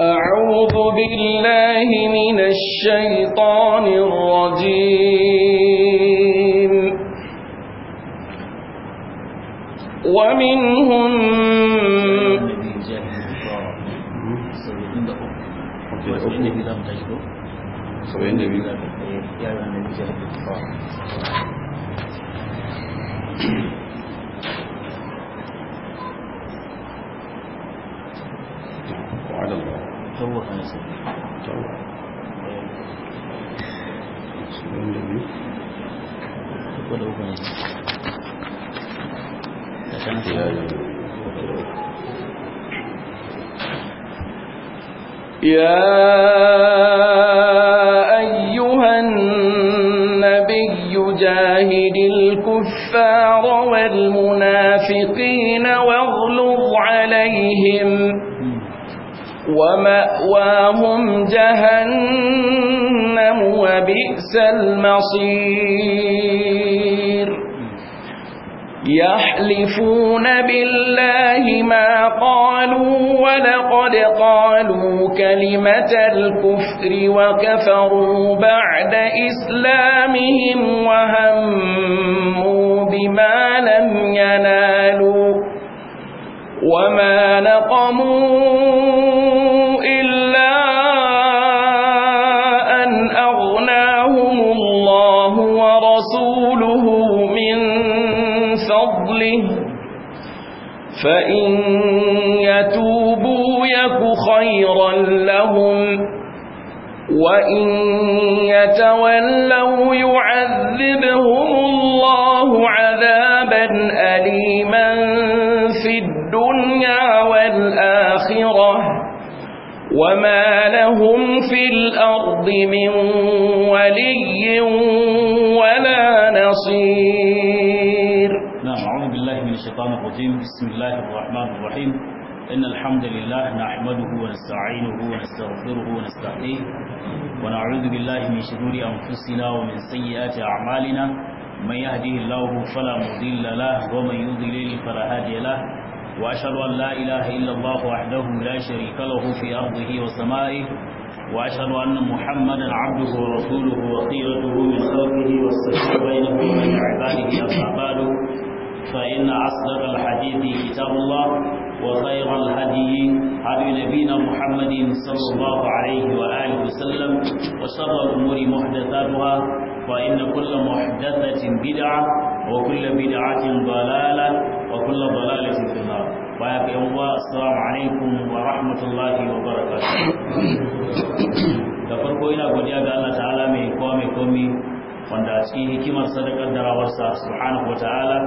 أعوذ بالله من الشيطان الرجيم ومنهم يا أيها النبي جاهد الكفار والمنافقين واغلظ عليهم ومأواهم جهنم وبئس المصير يحلفون بالله ما قالوا ولقد قالوا كلمة الكفر وكفروا بعد إسلامهم وهموا بما لم ينالوا وما نقموا فإن يتوبوا يك خيرا لهم وإن يتولوا يعذبهم الله عذابا أليما في الدنيا والآخرة وما لهم في الأرض من ولي ولا نصير الشيطان الرجيم بسم الله الرحمن الرحيم إن الحمد لله نحمده ونستعينه ونستغفره ونستهديه ونعوذ بالله من شرور أنفسنا ومن سيئات أعمالنا من يهديه الله فلا مضل له ومن يضلل فلا هادي له وأشهد أن لا إله إلا الله وحده لا شريك له في أرضه وسمائه وأشهد أن محمدا عبده ورسوله وخيرته من خلقه والسلام بينه وبين عباده أصحابه فإن أصدق الحديث كتاب الله وخير الهدي هدي نبينا محمد صلى الله عليه وآله وسلم وشر الأمور محدثاتها فإن كل محدثة بدعة وكل بدعة ضلالة وكل ضلالة في النار وياك يوم السلام عليكم ورحمة الله وبركاته da farko ina godiya ga Allah ta'ala mai kowa mai komi wanda cikin hikimar sadakar darawarsa subhanahu wa ta'ala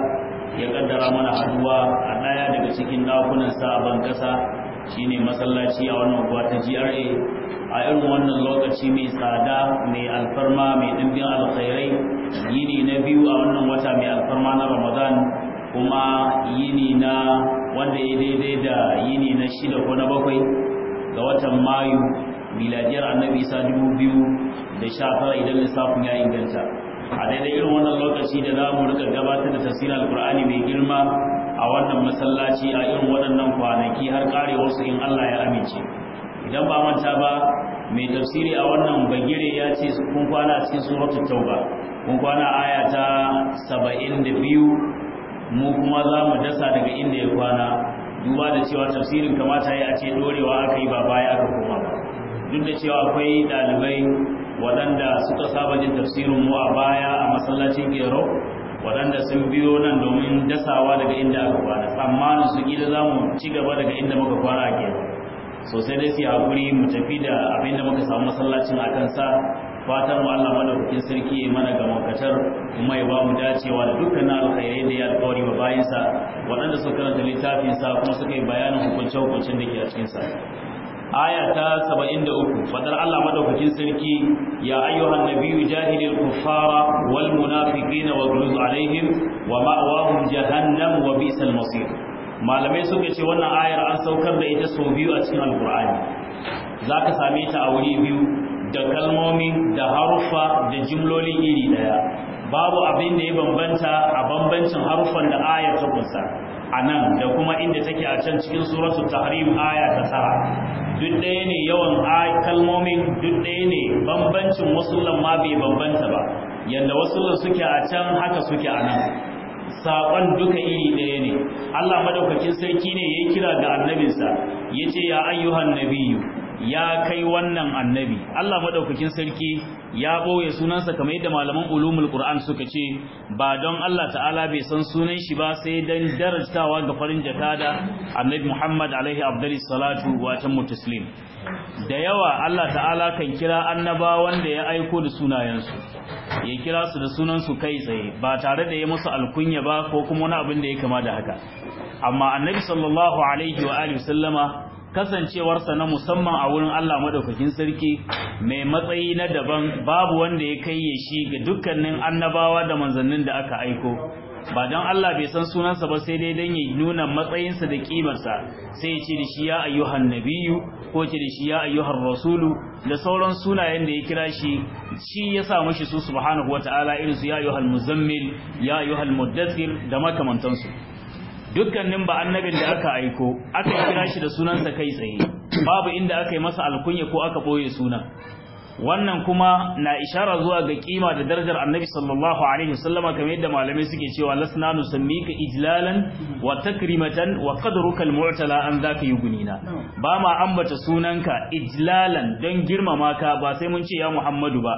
ya kaddara mana haduwa a daya daga cikin dakunan sabon kasa ne masallaci a wannan guwa ta GRA a irin wannan lokaci mai tsada mai alfarma mai dimbin alkhairai yini na biyu a wannan wata mai alfarma na Ramadan kuma yini na wanda ya daidai da yini na shida ko na bakwai ga watan Mayu miladiyar Annabi Isa 2019 idan lissafin ya inganta a daidai irin wannan lokaci da za mu rika gabatar da tafsirin alkur'ani mai girma a wannan masallaci a irin waɗannan kwanaki har kare wasu in Allah ya amince idan ba manta ba mai tafsiri a wannan bagire ya ce kun kwana cikin suratul tauba kun kwana aya ta 72 mu kuma za mu dasa daga inda ya kwana duba da cewa tafsirin kamata ya ce dorewa aka yi ba baya aka koma ba duk da cewa akwai ɗalibai waɗanda suka saba jin tafsirin mu a baya a masallacin gero waɗanda sun biyo nan domin dasawa daga inda aka kwana amma su gida za mu ci gaba daga inda muka kwana a gero so sai dai su yi mu tafi da abinda muka samu masallacin a kansa fatan mu Allah madaukakin sarki mana ga kuma ya ba mu dacewa da dukkan alkhairai da ya alƙawari wa bayinsa waɗanda suka karanta littafin sa kuma suka yi bayanin hukunce-hukuncen da ke a cikinsa. aya ta 73 fadar Allah madaukakin sarki ya ayyuhan nabiyyu jahilil kufara wal munafiqina waghluz alaihim wa ma'wahum jahannam wa bi'sal masir malamai suka ce wannan ayar an saukar da ita sau biyu a cikin alqur'ani zaka same ta a wuri biyu da kalmomi da harufa da jimloli iri daya babu abin da ya bambanta a bambancin haruffan da ayar ta kunsa a nan da kuma inda take a can cikin suratul tahrim aya ta duk ɗaya ne yawan kalmomin duk ɗaya ne bambancin musulun ma bai bambanta ba yadda wasullan suke a can haka suke a nan saƙon duka iri ɗaya ne allah madaukakin sarki ne ya kira ga annabinsa ya ce ya ayyuhan nabiyu ya kai wannan annabi Allah madaukakin sarki ya boye sunansa kamar yadda malaman ulumul qur'an suka ce ba don Allah ta'ala bai san sunan shi ba sai dan darajtawa ga farin jakada annabi Muhammad alaihi afdalis salatu wa tammu taslim da yawa Allah ta'ala kan kira Annaba wanda ya aiko da sunayensu ya kira su da sunansu kai tsaye ba tare da ya musu alkunya ba ko kuma wani abin da ya kama da haka amma annabi sallallahu alaihi wa alihi sallama kasancewarsa na musamman a wurin Allah maɗaukakin sarki mai matsayi na daban babu wanda ya kai shi ga dukkanin annabawa da manzannin da aka aiko ba don Allah bai san sunansa ba sai dai don ya nuna matsayinsa da kimarsa sai ya ce da shi ya ayyuhan nabiyu ko ce da shi ya ayyuhan rasulu da sauran sunayen da ya kira shi shi ya sa mashi su subhanahu wataala irin su ya ayyuhal muzammil ya ayyuhal muddathir da makamantansu dukkanin ba annabin da aka aiko aka kira shi da sunansa kai tsaye babu inda aka yi masa alkunya ko aka boye sunan wannan kuma na ishara zuwa ga kima da darajar annabi sallallahu alaihi wasallama kamar yadda malamai suke cewa lasna nusammika ijlalan wa takrimatan wa qadruka almu'tala an zaka yugunina ba ma ambata sunanka ijlalan don girmama ka ba sai mun ce ya muhammadu ba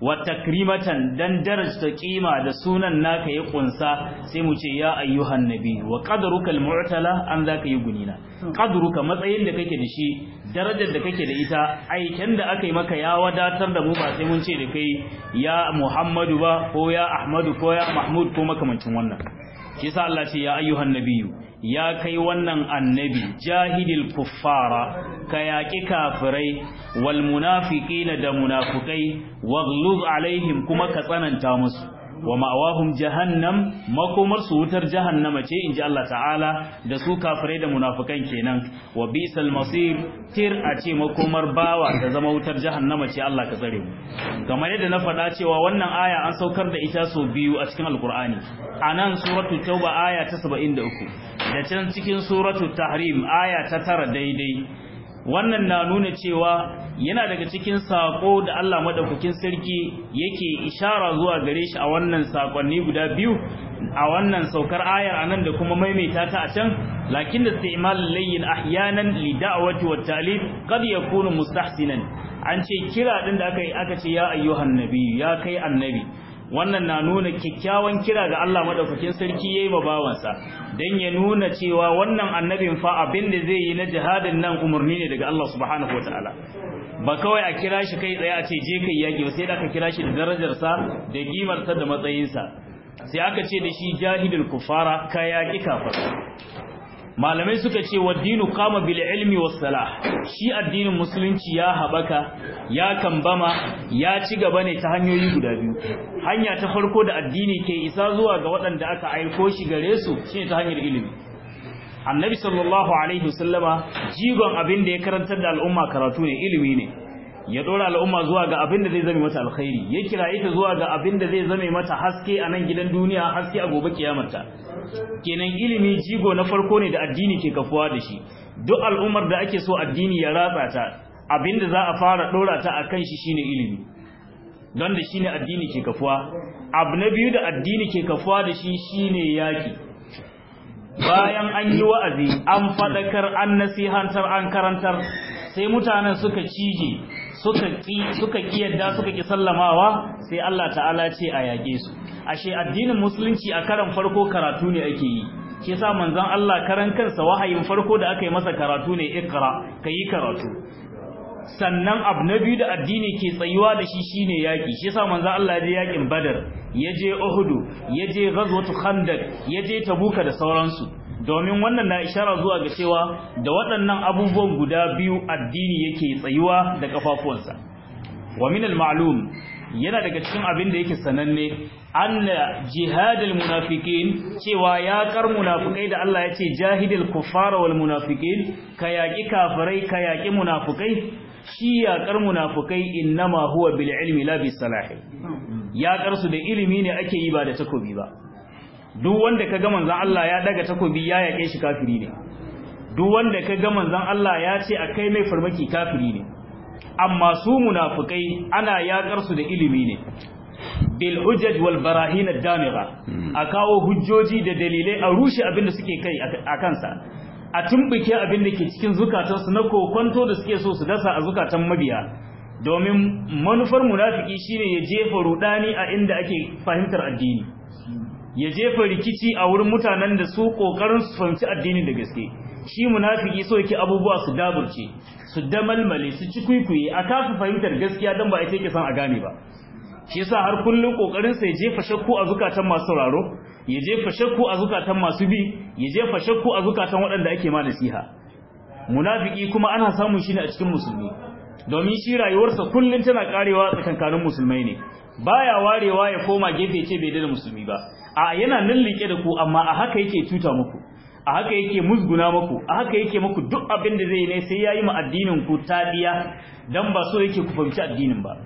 wa takrimatan dan darajta kima da sunan naka ya kunsa sai mu ce ya ayyuhan nabi wa qadruka almu'tala an zaka yi gunina qadruka matsayin da kake da shi darajar da kake da ita aiken da aka yi maka ya wadatar da mu ba sai mun ce da kai ya muhammadu ba ko ya ahmadu ko ya mahmud ko makamancin wannan shi yasa Allah ce ya ayyuhan nabiyyu ya kai wannan annabi jahidil kuffara ka yaƙi kafirai wal munafiqina da munafukai waghluz alaihim kuma ka tsananta musu wa ma'awahum jahannam makomar su wutar jahannama ce inji Allah ta'ala da su kafirai da munafukan kenan wa bisal masir tir a ce makomar bawa da zama wutar jahannama ce Allah ka tsare mu kamar yadda na faɗa cewa wannan aya an saukar da ita so biyu a cikin alkur'ani nan, suratu tauba aya ta 73 da can cikin suratu tahrim aya ta tara daidai wannan na nuna cewa yana daga cikin sako da Allah madaukakin sarki yake ishara zuwa gare shi a wannan sakonni guda biyu a wannan saukar ayar anan da kuma maimaita ta a can lakin da istimal layyin ahyanan li da'wati wa ta'lif qad yakunu mustahsinan an ce kira din da aka yi aka ce ya ayyuhan nabi ya kai annabi wannan na nuna kyakkyawan kira ga Allah madaukakin sarki yayi ma bawansa dan ya nuna cewa wannan annabin fa abin da zai yi na jihadin nan umurni ne daga Allah subhanahu wataala ba kawai a kira shi kai tsaye a ce je kai yaki ba sai da aka kira shi da darajarsa da gimarsa da matsayin sa sai aka ce da shi jahidul kufara ka yaki kafara malamai suka ce wa dinu kama bil ilmi was salah shi addinin musulunci ya habaka ya kambama ya ci gaba ne ta hanyoyi guda biyu hanya ta farko da addini ke isa zuwa ga waɗanda aka aiko shi gare su shine ta hanyar ilimi annabi sallallahu alaihi wasallama jigon abin da ya karantar da al'umma karatu ne ilimi ne ya dora al'umma zuwa ga abin da zai zame mata alkhairi ya kira ta zuwa ga abin da zai zame mata haske a nan gidan duniya haske a gobe kiyamata kenan ilimi jigo na farko ne da addini ke kafuwa da shi duk al'ummar da ake so addini ya ratsa ta abinda za a fara dora ta kan shi shine ilimi don da shine addini ke kafuwa abu na biyu da addini ke kafuwa da shi shine yaki bayan an yi wa'azi an fadakar an nasihantar an karantar sai mutanen suka cije suka ki suka ki yadda suka ki sallamawa sai Allah ta'ala ce a yage su ashe addinin musulunci a karan farko karatu ne ake yi shi yasa manzon Allah karan kansa wahayin farko da aka yi masa karatu ne ikra kayi karatu sannan abu na biyu da addini ke tsayuwa da shi shine yaki shi yasa manzon Allah ya je yakin Badar ya je Uhud ya je Ghazwatul Khandaq ya je Tabuka da sauransu domin wannan na ishara zuwa ga cewa da waɗannan abubuwan guda biyu addini yake tsayuwa da kafafuwansa wa min al-ma'lum yana daga cikin abin da yake sananne anna jihadul munafiqin cewa ya kar munafikai da Allah ya ce jahidul kuffara wal munafiqin ka yaƙi kafirai ka yaƙi munafikai shi ya kar munafikai innama huwa bil ilmi la bis salahi ya kar su da ilimi ne ake yi ba da takobi ba duk wanda ka ga manzon Allah ya daga takobi ya yake shi kafiri ne duk wanda ka ga manzon Allah ya ce a kai mai farmaki kafiri ne amma su munafukai, ana yakar su da ilimi ne bil hujjaj wal barahin ad hmm. a kawo hujjoji da dalilai a rushe abin da suke kai a kansa a tumbuke abin da ke cikin zukatansu na kokonto da suke so su dasa a zukatan mabiya domin manufar munafiki shine ya jefa rudani a inda ake fahimtar addini ya jefa rikici a wurin mutanen da su kokarin su fahimci addini da gaske shi munafiki so yake abubuwa su daburce su damalmale su ci kwikwiye a kafa fahimtar gaskiya dan ba a take san a gane ba shi yasa har kullum kokarin sa ya jefa shakku a zukatan masu sauraro ya jefa shakku a zukatan masu bi ya jefa shakku a zukatan waɗanda ake ma nasiha munafiki kuma ana samun shi ne a cikin musulmi domin shi rayuwarsa kullum tana karewa tsakankanin musulmai ne baya warewa ya koma gefe ce bai da musulmi ba a yana nan liƙe da ku amma a haka yake cuta muku a haka yake musguna muku a haka yake muku duk abin da zai ne sai yayi mu addinin ku tadiya dan ba so yake ku fahimci addinin ba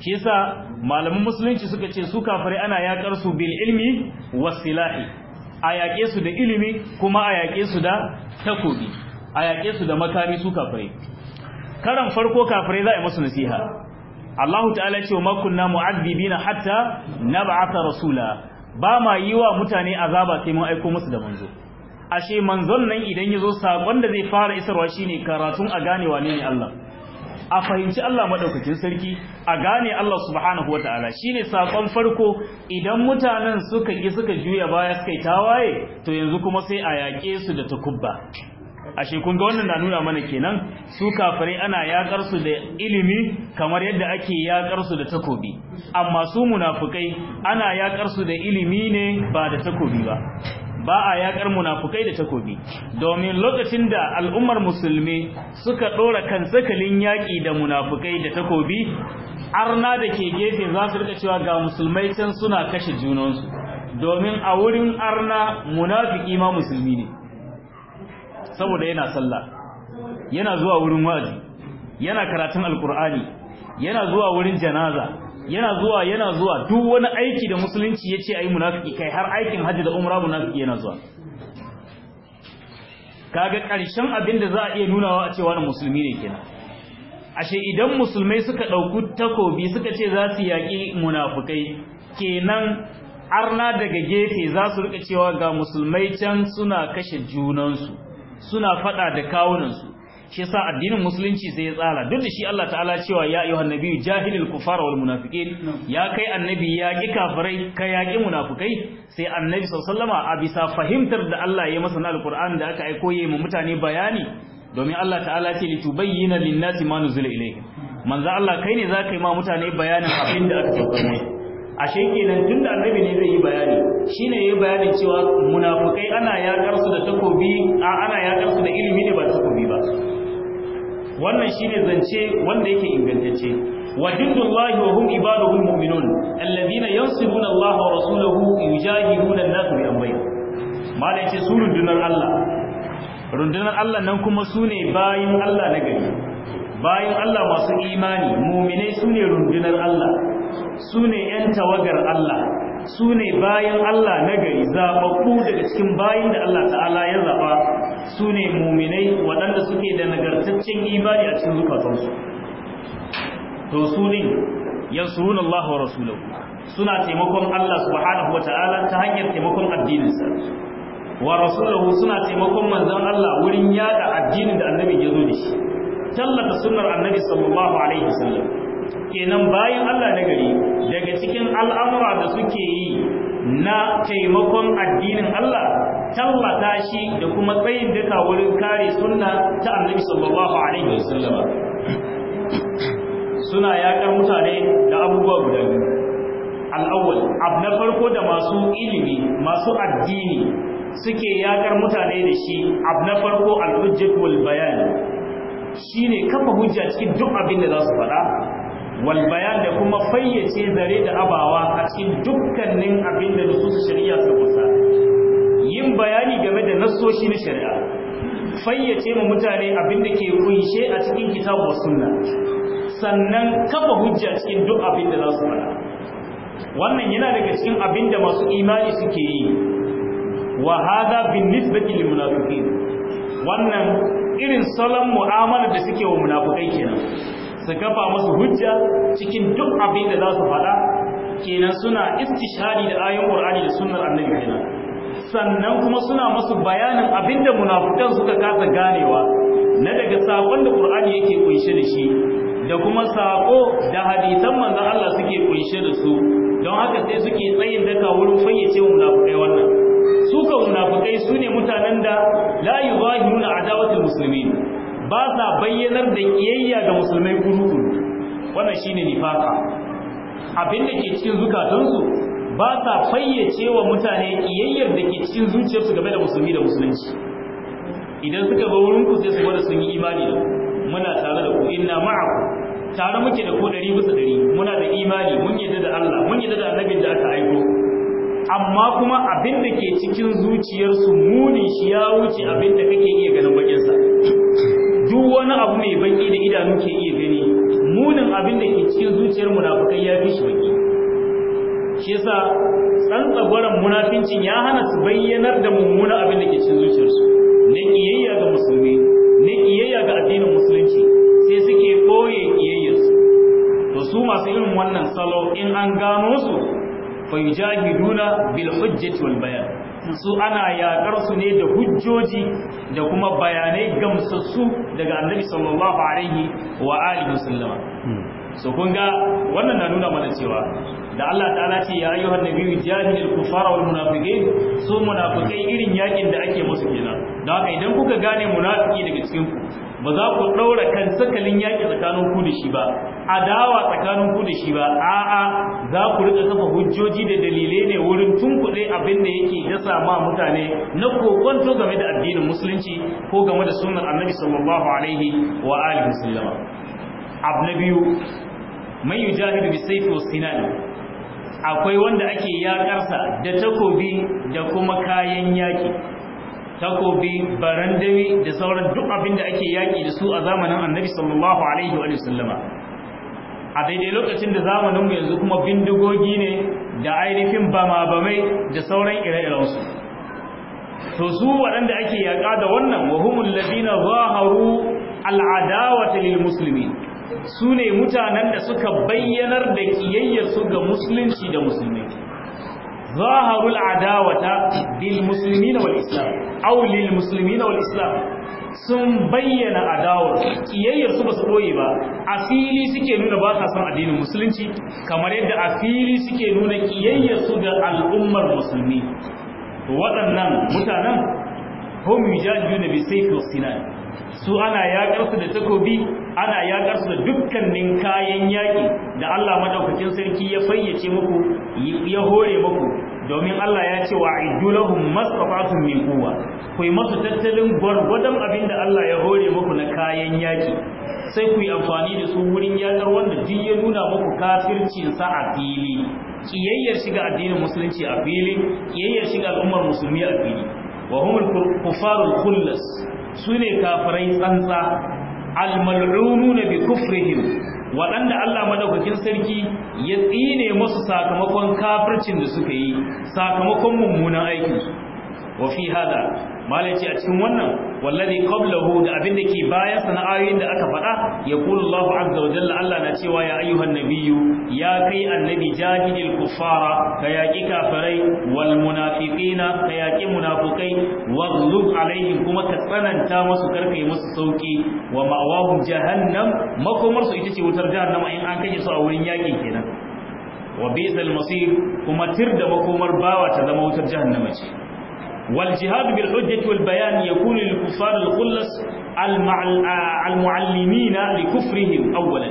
shi yasa malaman musulunci suka ce su kafare ana yakar su bil ilmi was silahi a yaƙe su da ilimi kuma a yaƙe su da takobi a yaƙe su da makami su kafare. karan farko kafare za a yi musu nasiha Allahu ta'ala ce wa makunna mu'azzibina hatta nab'atha rasula ba ma yi wa mutane azaba sai mun aiko musu da manzo ashe manzon nan idan yazo sakon da zai fara isarwa shine karatun a gane wane ne Allah a fahimci Allah madaukakin sarki a gane Allah subhanahu wataala shine sakon farko idan mutanen suka ki suka juya baya suka ta tawaye to yanzu kuma sai a yaƙe su da takubba ashe kun ga wannan na nuna mana kenan su kafirai ana yakar su da ilimi kamar yadda ake yakar su da takobi amma su munafukai ana yakar su da ilimi ne ba da takobi ba ba a yakar munafukai da takobi domin lokacin da al'ummar musulmi suka dora kan sakalin yaki da munafukai da takobi arna da ke gefe za su rika cewa ga musulmai can suna kashe junansu domin a wurin arna munafiki ma musulmi ne saboda yana sallah yana zuwa wurin wa'azi, yana karatun alkur'ani yana zuwa wurin janaza yana zuwa yana zuwa duk wani aiki da musulunci ya ce a yi munafiki kai har aikin hajji da umra munafiki yana zuwa kaga ƙarshen abin da za a iya nunawa a cewa musulmi ne kenan ashe idan musulmai suka ɗauki takobi suka ce za su yaki munafukai kenan arna daga gefe za su rika cewa ga musulmai can suna kashe junansu suna faɗa da kawunansu shi yasa addinin musulunci sai ya tsara duk da shi Allah ta'ala cewa ya ayyuhan nabiyyu jahilul kufara wal munafiqin ya kai annabi ya ki kafirai ka ya ki munafikai sai annabi sallallahu alaihi a bisa fahimtar da Allah ya masa na alquran da aka aiko yayi mu mutane bayani domin Allah ta'ala ce tubayyana lin-nasi ma nuzila ilayhi manzo Allah kai ne zaka yi ma mutane bayanin abin da aka saukar mai ashe kenan tunda annabi ne zai yi bayani shine yayi bayanin cewa munafukai ana yakar su da takobi a ana yakar su da ilimi ne ba takobi ba wannan shine zance wanda yake ingantacce wa dinullahi wa hum ibaduhul mu'minun alladhina yansibuna Allah wa rasulahu yujahiduna an-nas bi amrin mala yace su rundunar Allah rundunar Allah nan kuma su bayan bayin Allah na gari bayin Allah masu imani mu'minai sune rundunar Allah su ne 'yan tawagar Allah su ne bayan Allah na gari zaɓaɓɓu daga cikin bayan da Allah ta'ala ya zaɓa su ne muminai waɗanda suke da nagartaccen imani a cikin zukatansu to su ne yansurun Allah wa rasulahu suna taimakon Allah subhanahu wa ta'ala ta hanyar taimakon addininsa wa rasulahu suna taimakon manzon Allah wurin yada addinin da annabi ya zo da shi tallata sunnar annabi sallallahu alaihi wasallam kenan bayan Allah na gari daga cikin al'amura da suke yi na taimakon addinin Allah tallata shi da kuma tsayin duka wurin kare sunna ta annabi sallallahu alaihi wasallama suna yakar mutane da abubuwa guda biyu al'awwal abu na farko da masu ilimi masu addini suke yakar mutane da shi abu na farko al-hujjat bayan shine kafa hujja cikin duk abin da za su faɗa wal bayan da kuma fayyace zare da abawa a cikin dukkanin abin da nusus shari'a ta kusa yin bayani game da nassoshi na shari'a fayyace mu mutane abin da ke kunshe a cikin kitabu sunna sannan kafa hujja cikin duk abin da za su faɗa wannan yana daga cikin abin da masu imani suke yi wa hada bin nisbati lil munafiqin wannan irin salon mu'amala da suke wa munafikai kenan su kafa musu hujja cikin duk abin da za su faɗa kenan suna istishari da ayoyin Qur'ani da sunnar Annabi kenan sannan kuma suna masu bayanin abin da munafukan suka kasa ganewa na daga sakon da Qur'ani yake kunshe da shi da kuma sako da hadisan manzon Allah suke kunshe da su don haka sai suke tsayin daka wurin fayyace munafukai wannan su ka munafukai su ne mutanen da la yuzahiruna adawatul muslimin ba sa bayyanar da kiyayya ga musulmai kuru wannan shine nifaka abinda ke cikin zukatansu ba sa fayyace wa mutane kiyayyar da ke cikin zuciyarsu game da musulmi da musulunci idan suka zo wurin ku sai su gwada sun yi imani da ku muna tare da ku inna ma'aku tare muke da ku dari bisa dari muna da imani mun yadda da Allah mun yadda da annabin da aka aiko amma kuma abin da ke cikin zuciyarsu muni shi ya wuce abin da kake iya ganin bakin sa duk wani abu mai baki da idanu ke iya gani munin abin da ke cikin zuciyar munafukai ya fi shi baki shi yasa tsantsagoran munafincin ya hana su bayyanar da mummunan abin da ke cikin zuciyarsu na kiyayya ga musulmi na kiyayya ga addinin musulunci sai suke koye kiyayyarsu to su masu irin wannan salo in an gano su fa yujahiduna bil hujjati wal bayan su ana yakar su ne da hujjoji da kuma bayanai gamsassu daga annabi sallallahu alaihi wa alihi wasallam hmm. so kun ga wannan na nuna mana cewa da Allah ta'ala ce ya ayyuhan nabiyyu jahilil kufara wal munafiqin su munafikai irin yakin da ake musu kenan don haka idan kuka gane munafiki daga cikin ku ba za ku daura kan sakalin yaki tsakanin ku da shi ba adawa tsakanin ku da shi ba a'a za ku rika kafa hujjoji da dalilai ne wurin tunkuɗe abin da yake ya ma mutane na kokonto game da addinin musulunci ko game da sunan annabi sallallahu alaihi wa alihi sallama abu na biyu mai yujahidu bi sayfi wa sinan akwai wanda ake yakarsa da takobi da kuma kayan yaki takobi barandami da sauran duk abin da ake yaki da su a zamanin annabi sallallahu alaihi wa sallama a daidai lokacin da zamaninmu yanzu kuma bindigogi ne da ainihin bama-bamai da sauran ire-irensu to su waɗanda ake yaƙa da wannan wahumun ladina zaharu al'adawata lil musulmi su ne mutanen da suka bayyanar da su ga musulunci da musulmi zaharu al'adawata lil musulmi na wal au lil musulmi na wal sun bayyana adawar kiyayyar su basu boye ba a fili suke nuna ba ta son addinin musulunci kamar yadda a fili suke nuna kiyayyar su ga al'ummar musulmi waɗannan mutanen hum yujadiluna na bisai sinan su ana yaƙarsu su da takobi ana yaƙarsu su da dukkanin kayan yaƙi da Allah madaukakin sarki ya fayyace muku ya hore muku domin Allah ya ce wa iddu lahum min quwwa ku yi masu tattalin gwargwadon abin da Allah ya hore muku na kayan yaki sai ku yi amfani da su wurin yakar wanda duk ya nuna muku kafircin sa a fili kiyayyar shiga addinin musulunci a fili kiyayyar shiga al'ummar musulmi a fili wa humul kufarul khullas sune kafirai tsantsa al mal'ununa bi kufrihim waɗanda Allah madaukakin sarki ya tsine musu sakamakon kafircin da suka yi sakamakon mummunan aikinsu wa fi hada mala ce a cikin wannan wallazi qablahu da abin da ke bayan sana'ayoyin da aka faɗa ya qulu Allahu azza wa jalla Allah na cewa ya ayyuhan nabiyyu ya kai annabi jahidil kufara ka yaqi kafirai wal munafiqina ka yaqi munafiqai waghlub alaihim kuma ka tsananta musu karkai musu sauki wa ma'awahum jahannam makomar su ita ce wutar jahannama in an kaje su a wurin yaki kenan wa bisal masir kuma tirda makomar bawa ta zama wutar jahannama ce والجهاد بالحجة والبيان يكون للكفار الخلص المعلمين لكفرهم أولا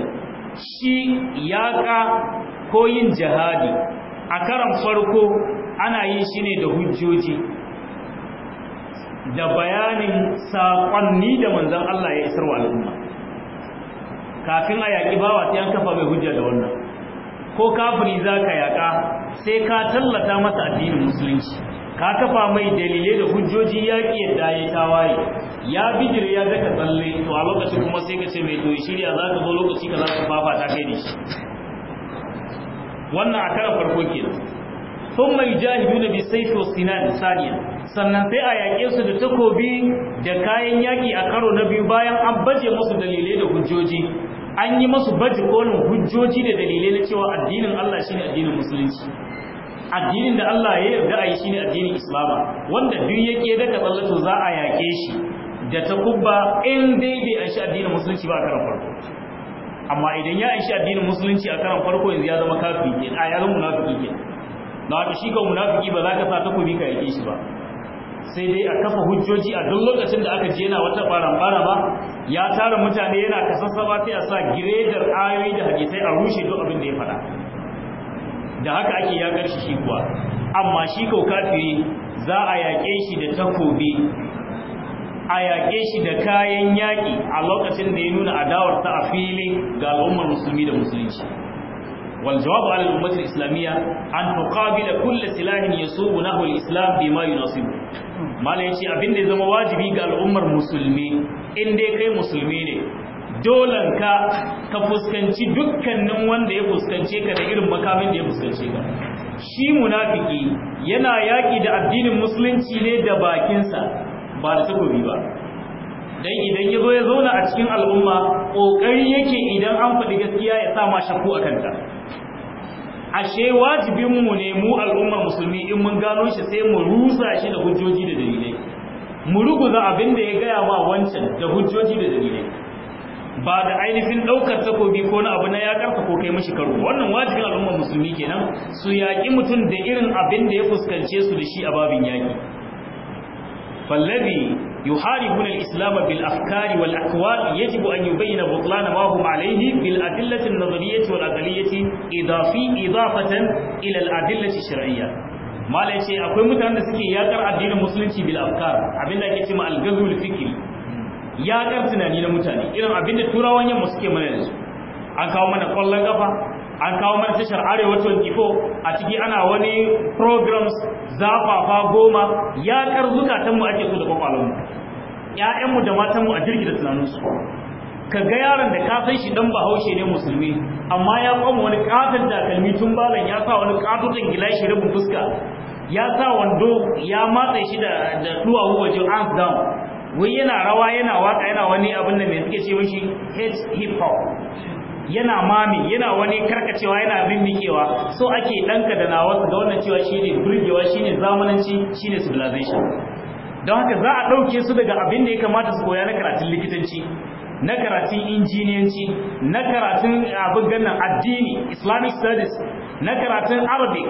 شي ياقا كوين جهادي أكرم فرقو أنا يشيني ده هجوجي da bayanin ni da manzan Allah ya isar wa al'umma kafin a yaƙi bawa sai an kafa mai hujja da wannan ko kafiri za ka yaƙa sai ka tallata masa addinin musulunci ka kafa mai dalilai da hujjoji ya ki yadda ya tawaye ya bijire ya daka tsalle to a lokaci kuma sai ka ce mai to shirya za ka zo lokaci ka za ka ta kai da shi wannan a karan farko kenan bi يجاهدون to والسنان saniya sannan sai a yaƙe su da takobi da kayan yaƙi a karo na biyu bayan an baje musu dalilai da hujjoji an yi musu baje kolin hujjoji da dalilai na cewa addinin Allah shine addinin musulunci addinin da Allah ya yarda a yi shi ne addinin islama wanda duk ya ke daka tsallatu za a yake shi da ta kubba in dai bai an shi addinin musulunci ba a karan farko amma idan ya an shi addinin musulunci a karan farko yanzu ya zama kafi ke a ya munafiki ke na wata shi kan munafiki ba za ka sa takobi ka yake shi ba sai dai a kafa hujjoji a duk lokacin da aka je yana wata barambara ba ya tara mutane yana ba ta a sa giredar ayoyi da hadisai a rushe duk abin da ya faɗa da haka ake ya karshe shi kuwa amma shi kau kafiri za a yaƙe shi da takobi a yaƙe shi da kayan yaƙi a lokacin da ya nuna ta a fili ga al'ummar musulmi da musulunci wal jawabu ala al-ummah al-islamiyya an tuqabila kull silahin yasubu nahwa al-islam bima yunasibu malai yace abin da ya zama wajibi ga al'ummar musulmi in dai kai musulmi ne dolan ka ka fuskanci dukkanin wanda ya fuskance ka da irin makamin da ya fuskance ka shi munafiki yana yaƙi da addinin musulunci ne da bakinsa ba da takobi ba dan idan ya zo ya zauna a cikin al'umma kokari yake idan an faɗi gaskiya ya sa ma shakku a kanta ashe wajibinmu ne mu al'ummar musulmi in mun gano shi sai mu rusa shi da hujjoji da dalilai mu ruguza abin da ya gaya ma wancan da hujjoji da dalilai ba da ainihin ɗaukar takobi ko na abu na ya karka ko kai mashi karo wannan wajibin al'ummar musulmi kenan su yaƙi mutum da irin abin da ya fuskance su da shi a babin yaƙi fallabi yuharibuna al-islam bil afkari wal aqwal yajibu an yubayyana butlan ma hum alayhi bil adillati an-nazariyyati wal aqliyyati idafi idafatan ila al-adillati ash malai ce akwai mutanen da suke yakar addinin musulunci bil afkar abinda ake cewa al-ghazul fikri ya kar tunani na mutane irin abin da turawan yamma suke mana da su an kawo mana kwallon kafa an kawo mana tashar arewa 24 a ciki ana wani programs zafafa goma ya kar mu ake so da kwakwalonmu mu da matanmu a jirgi da tunaninsu ka ga yaron da ka san shi dan bahaushe ne musulmi amma ya kwamo wani katon takalmi tun balan ya sa wani katotin gilashi rabin fuska ya sa wando ya matsa shi da duwawu waje arms down wai yana rawa yana waka yana wani abin da mai suke ce hate hip hop yana mami yana wani karkacewa yana mikewa so ake danka da nawa da wannan cewa shine burgewa shine zamananci shine civilization don haka za a dauke su daga abin da ya kamata su koya na karatun likitanci na karatun injiniyanci na karatun abin ganin addini islamic studies na karatun arabic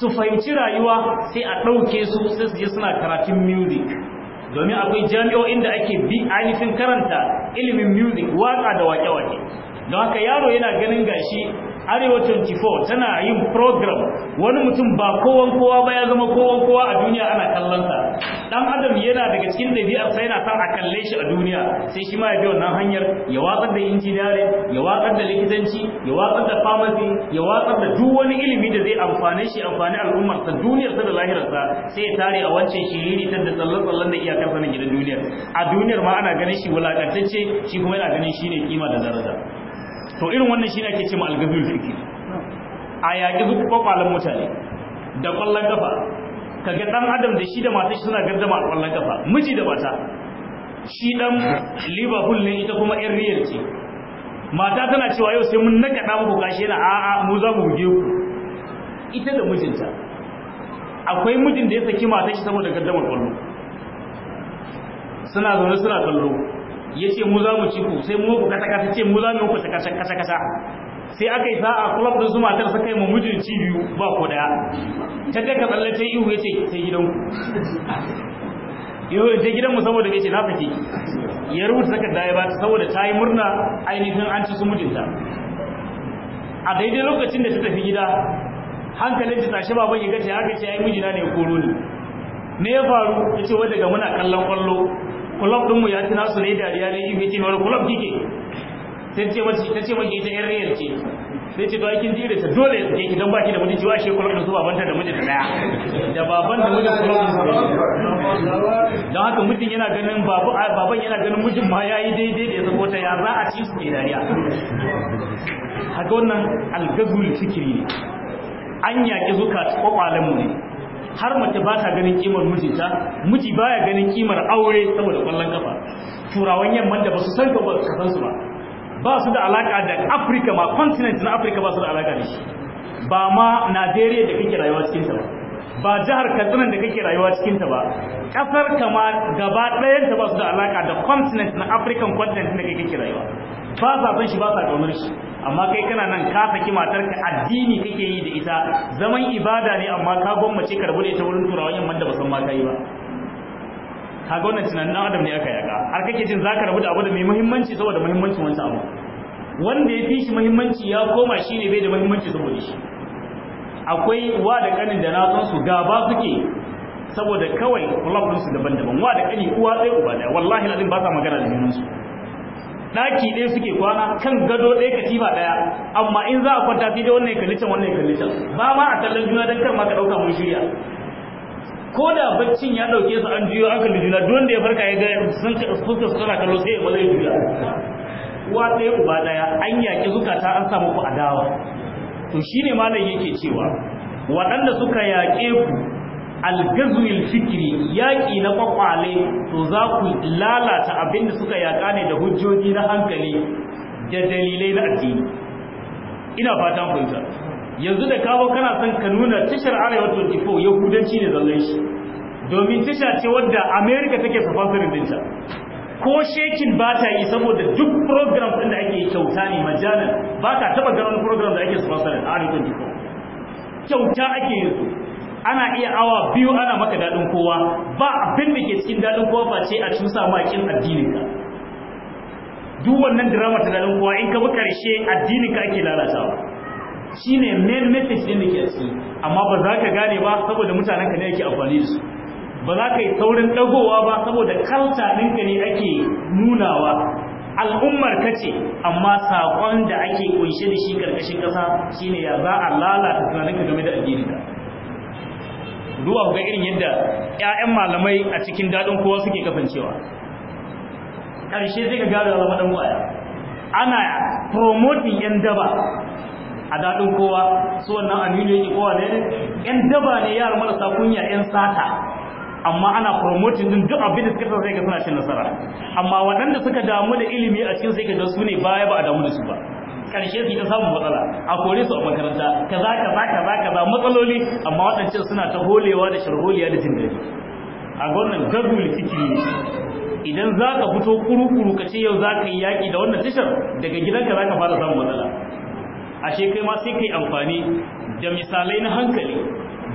su fahimci rayuwa sai a dauke su sai su je suna karatun music domin akwai jami'o'in da ake bi ainihin karanta ilimin music waka da wake-wake don haka yaro yana ganin gashi arewa 24 tana yin program wani mutum ba kowan kowa ba ya zama kowan kowa a duniya ana kallonsa dan adam yana daga cikin sai yana son a kalle shi a duniya sai shi ma ya bi wannan hanyar ya watsar da injiniyare ya watsar da likitanci ya watsar da pharmacy ya watsar da duk wani ilimi da zai amfane shi amfani duniyar duniyarsa da lahirar sa sai ya tare a wancan shiriri ta da tsalle-tsallen da iyakarsa na gidan duniyar a duniyar ma ana ganin shi wulakantacce shi kuma yana ganin shi ne kima da daraja to irin wannan shi ne ake ce ma algazul fikir a yaƙi duk kwakwalen mutane da ƙwallon kafa ka ga ɗan adam da shi da mata shi suna gardama a ƙwallon kafa miji da mata shi ɗan liverpool ne ita kuma yan riyar ce mata tana cewa yau sai mun nakaɗa muku gashi yana a'a mu za mu buge ku ita da mijinta akwai mijin da ya saki mata shi saboda gardamar kwallo. suna zaune suna kallo ya ce mu za mu ci ku sai mu ku kasa kasa ce mu za mu ku kasa kasa kasa sai aka yi sa'a club din su matar sa kai mu mijin ci biyu ba ko daya ta daga tsalle ta ihu ce sai gidan ku yau ta gidan mu saboda ce na saki ya rubuta saka da ya ba saboda ta yi murna ainihin an ci su mijinta a daidai lokacin da ta tafi gida hankalin ta tashi baban ya gace haka ce ai mijina ne koro ne me ya faru ce wai daga muna kallon kwallo Kulob din mu ya ci nasu ne dariya ne ibi ce wani kulob kike ta ce mace ta ce mace yan rayar ce sai ce ba aikin jire ta dole ya ki don baki da mutunci washe kulob din su babanta da mijinta daya da baban da mijin kulob din su don haka mutum yana ganin babu baban yana ganin mutum ma ya yi daidai da ya zama ta ya za a ci su ne dariya haka wannan algazul fikiri ne an yaƙi zuka kwakwalen mu ne har mace ba ta ganin kimar mijinta miji baya ganin kimar aure saboda kwallon kafa turawan yamman da ba su san ba su san su ba ba su da alaka da Africa ma continent na Africa ba su da alaka da shi ba ma Najeriya da kake rayuwa cikin ta ba ba jihar Katsina da kake rayuwa cikin ta ba kasar kama gaba ɗayan ta ba su da alaka da continent na African continent da kake rayuwa ba sa san shi ba sa kaunar shi amma kai kana nan ka saki matar ka addini kake yi da ita zaman ibada ne amma ka gwammace karbu ne ta wurin turawan yamma da basan ma yi ba ka ga wannan tunanin dan adam ne aka yaka har kake jin zaka rabu da abu da mai muhimmanci saboda muhimmancin wancan abu wanda ya fi shi muhimmanci ya koma shi ne bai da muhimmanci saboda shi akwai wa da kanin da na san su gaba suke saboda kawai kulab su daban-daban wa da kani uwa ɗaya uba ɗaya wallahi lazim ba sa magana da su ɗaki ɗaya suke kwana kan gado ɗaya katifa ɗaya amma in za a kwanta sai dai wannan ya wannan ya ba ma a kallon juna don kar ma ka ɗauka mun shirya ko da baccin ya ɗauke su an juyo an kalli juna duk da ya farka ya ga sun su suna kallo sai ya mazai juya uwa ɗaya uba ɗaya an yaƙi zukata an samu ku adawa to shine malam yake cewa waɗanda suka yaƙe ku algazuwil Fikri, yaƙi na kwakwale to za ku lalata abin da suka yaƙa ne da hujjoji na hankali da dalilai na addini ina fatan ta. yanzu da kawo kana son ka nuna tashar arewa 24 yahudanci ne zallai shi domin tasha ce wadda america take safansirin dinta ko shekin ba ta yi saboda duk program ɗin da ake yi kyauta ne majalar ba ta taɓa ganin program da ake safansirin arewa 24 kyauta ake yin su ana iya awa biyu ana maka daɗin kowa ba abin da ke cikin daɗin kowa ba ce a cusa ma kin addinin ka duk wannan drama ta daɗin kowa in ka bi karshe addinin ka ake lalatawa shine main message din da ke ciki amma ba za ka gane ba saboda mutanen ka ne yake amfani da su ba za ka yi saurin ɗagowa ba saboda kalta ɗinka ne ake nunawa al'ummar ka ce amma saƙon da ake ƙunshe da shi ƙarƙashin ƙasa shine ya za a lalata tunaninka game da addininka duba ku ga irin yadda 'ya'yan malamai a cikin daɗin kowa suke kasancewa ƙarshe zai ga gado zama ɗan waya ana promoting yan daba a daɗin kowa su wannan aminu yake kowa ne yan daba ne yara marasa kunya yan sata amma ana promoting din duk abin da suka san sai ka suna cin nasara amma waɗanda suka damu da ilimi a cikin sai ka ga su ne baya ba a damu da su ba karshe su ta samun matsala a kore su a makaranta kaza kaza kaza kaza matsaloli amma waɗancan suna ta holewa da sharholiya da jin daɗi a gwamnan gardul fikiri ne idan za ka fito kuru-kuru ka ce yau za ka yi yaƙi da wannan tashar daga gidanka za ka fara samun matsala ashe kai ma sai ka yi amfani da misalai na hankali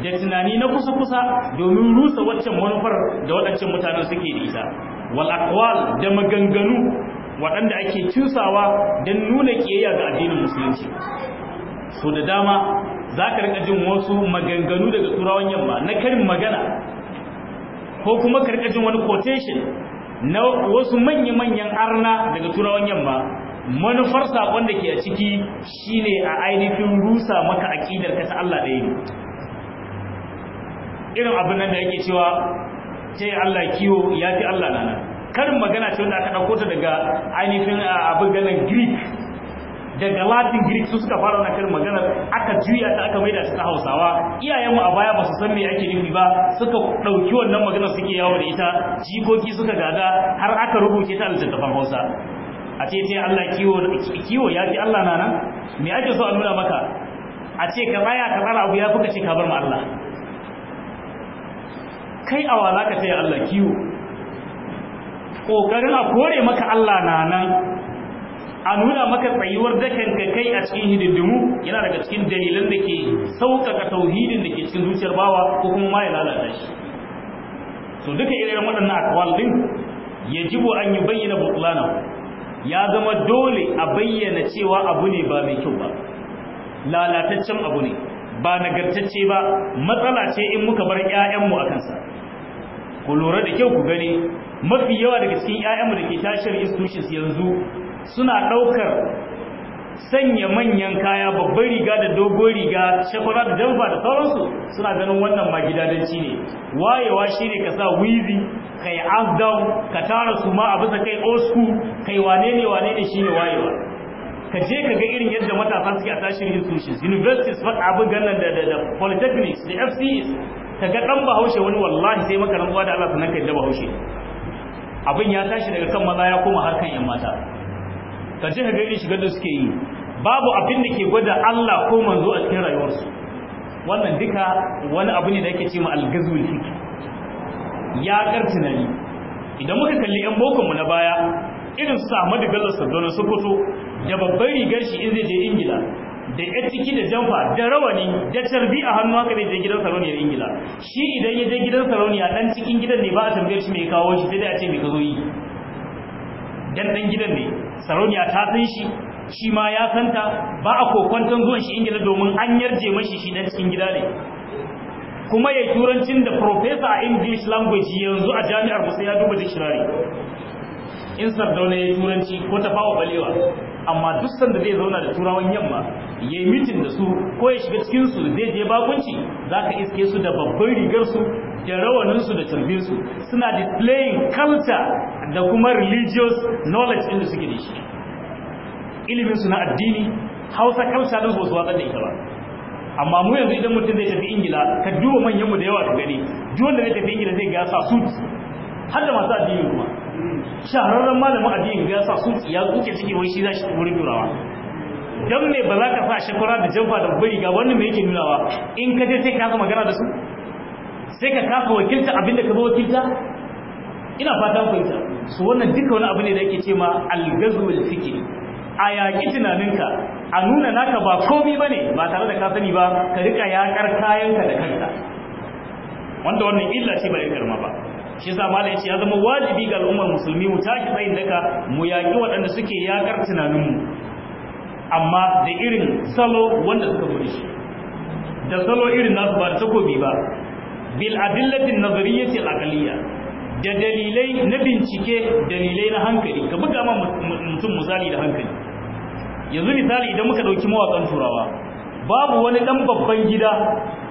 da tunani na kusa-kusa domin rusa waccan manufar da waɗancan mutanen suke da ita wal da maganganu waɗanda ake cinsawa don nuna ƙiyayya ga addinin musulunci so da dama za ka rika jin wasu maganganu daga turawan yamma na karin magana ko kuma ka rika jin wani quotation na wasu manya-manyan arna daga turawan yamma manufar saƙon da ke a ciki shine a ainihin rusa maka aƙidar ka ta Allah ɗaya ne irin abin nan da yake cewa ta yi Allah kiwo ya fi Allah nana karin magana ce wanda aka ɗauko ta daga ainihin abin ganin greek daga latin greek su suka fara wannan karin magana aka juya ta aka maida shi ta hausawa iyayenmu a baya ba su san me ake nufi ba suka ɗauki wannan magana suke yawo da ita jikoki suka gada har aka rubuce ta a littattafan hausa a ce ce allah kiwo kiwo ya fi allah na me ake so a nuna maka a ce ka tsaya ka tsara abu ya fi ka ce ka bar ma allah kai awa za ka taya allah kiwo kokarin a kore maka Allah na nan a nuna maka tsayuwar dakan ka kai a cikin hididdimu yana daga cikin dalilan da ke sauƙaƙa tauhidin da ke cikin zuciyar bawa ko kuma ma ya lalata shi so duka irin waɗannan akwal din yajibu an yi bayyana butlana ya zama dole a bayyana cewa abu ne ba mai kyau ba lalataccen abu ne ba nagartacce ba matsala ce in muka bar 'ya'yanmu a kansa ku lura da kyau ku gani mafi yawa daga cikin 'ya'yanmu da ke tashar institutions yanzu suna ɗaukar sanya manyan kaya babbar riga da dogon riga shafara da damfa da sauransu suna ganin wannan ma gidadanci ne wayewa shine ka sa wizi kai afdown ka tara su ma a bisa kai old school kai wane ne wane ne shine wayewa ka je ka ga irin yadda matasa suke a tashin institutions universities fa abin ganin da da polytechnics da fcs ka ga dan bahaushe wani wallahi sai maka rantsuwa da Allah sannan ka yadda bahaushe abin ya tashi daga kan maza ya koma harkan yan mata ka ji ga irin shigar da suke yi babu abin da ke gwada Allah ko manzo a cikin rayuwarsu wannan duka wani abu ne da yake cewa al-ghazwul fik ya kar tunani idan muka kalli yan bokon mu na baya irin su Ahmadu Bello Sardauna Sokoto da babbar rigar shi in zai je Ingila da ya ciki da jamfa da rawani da tarbi a hannu haka ne je gidan sarauniyar ingila shi idan ya je gidan sarauniya dan cikin gidan ne ba a tambayar shi mai kawo shi sai dai a ce mai ka zo yi dan dan gidan ne sarauniya ta san shi shi ma ya santa ba a kokwanton zuwan shi ingila domin an yarje mashi shi dan cikin gida ne kuma ya turancin da professor a english language yanzu a jami'ar musa ya duba dictionary in sardauna ya turanci ko tafawa balewa amma duk sanda zai zauna da turawan yamma ya yi mitin da su ko ya shiga cikin su zai je bakunci za ka iske su da babban rigar su da rawanin su da tarbiyar su suna displaying culture da kuma religious knowledge inda da suke da shi ilimin su na addini hausa culture din ba su watsar da ita ba amma mu yanzu idan mutum zai tafi ingila ka duba manyan mu da yawa ka gani duk wanda zai tafi ingila zai ga sa suit har da masu addini kuma shahararren malamin addinin ya sa sun ya kuke cikin wai shi za shi wurin turawa dan me ba za ka sa shakura da jamfa da bari ga wannan me yake nunawa in ka je sai ka magana da su sai ka kafa wakilta abinda ka zo wakilta ina fatan fahimta su wannan duka wani abu ne da ake ce ma algazul fikri a yaƙi tunaninka a nuna naka ba komi ba ne ba tare da ka sani ba ka rika yaƙar kayanka da kanka wanda wannan illa ce ba ya karma ba shi yasa malai ce ya zama wajibi ga al'ummar musulmi mu taki tsayin daka mu yaki waɗanda suke yakar tunaninmu amma da irin salo wanda suka zo shi da salo irin nasu ba da takobi ba bil adillatin nazariyyati al-aqliyya da dalilai na bincike dalilai na hankali ka buga ma mutum misali da hankali yanzu misali idan muka dauki mawakan turawa babu wani dan babban gida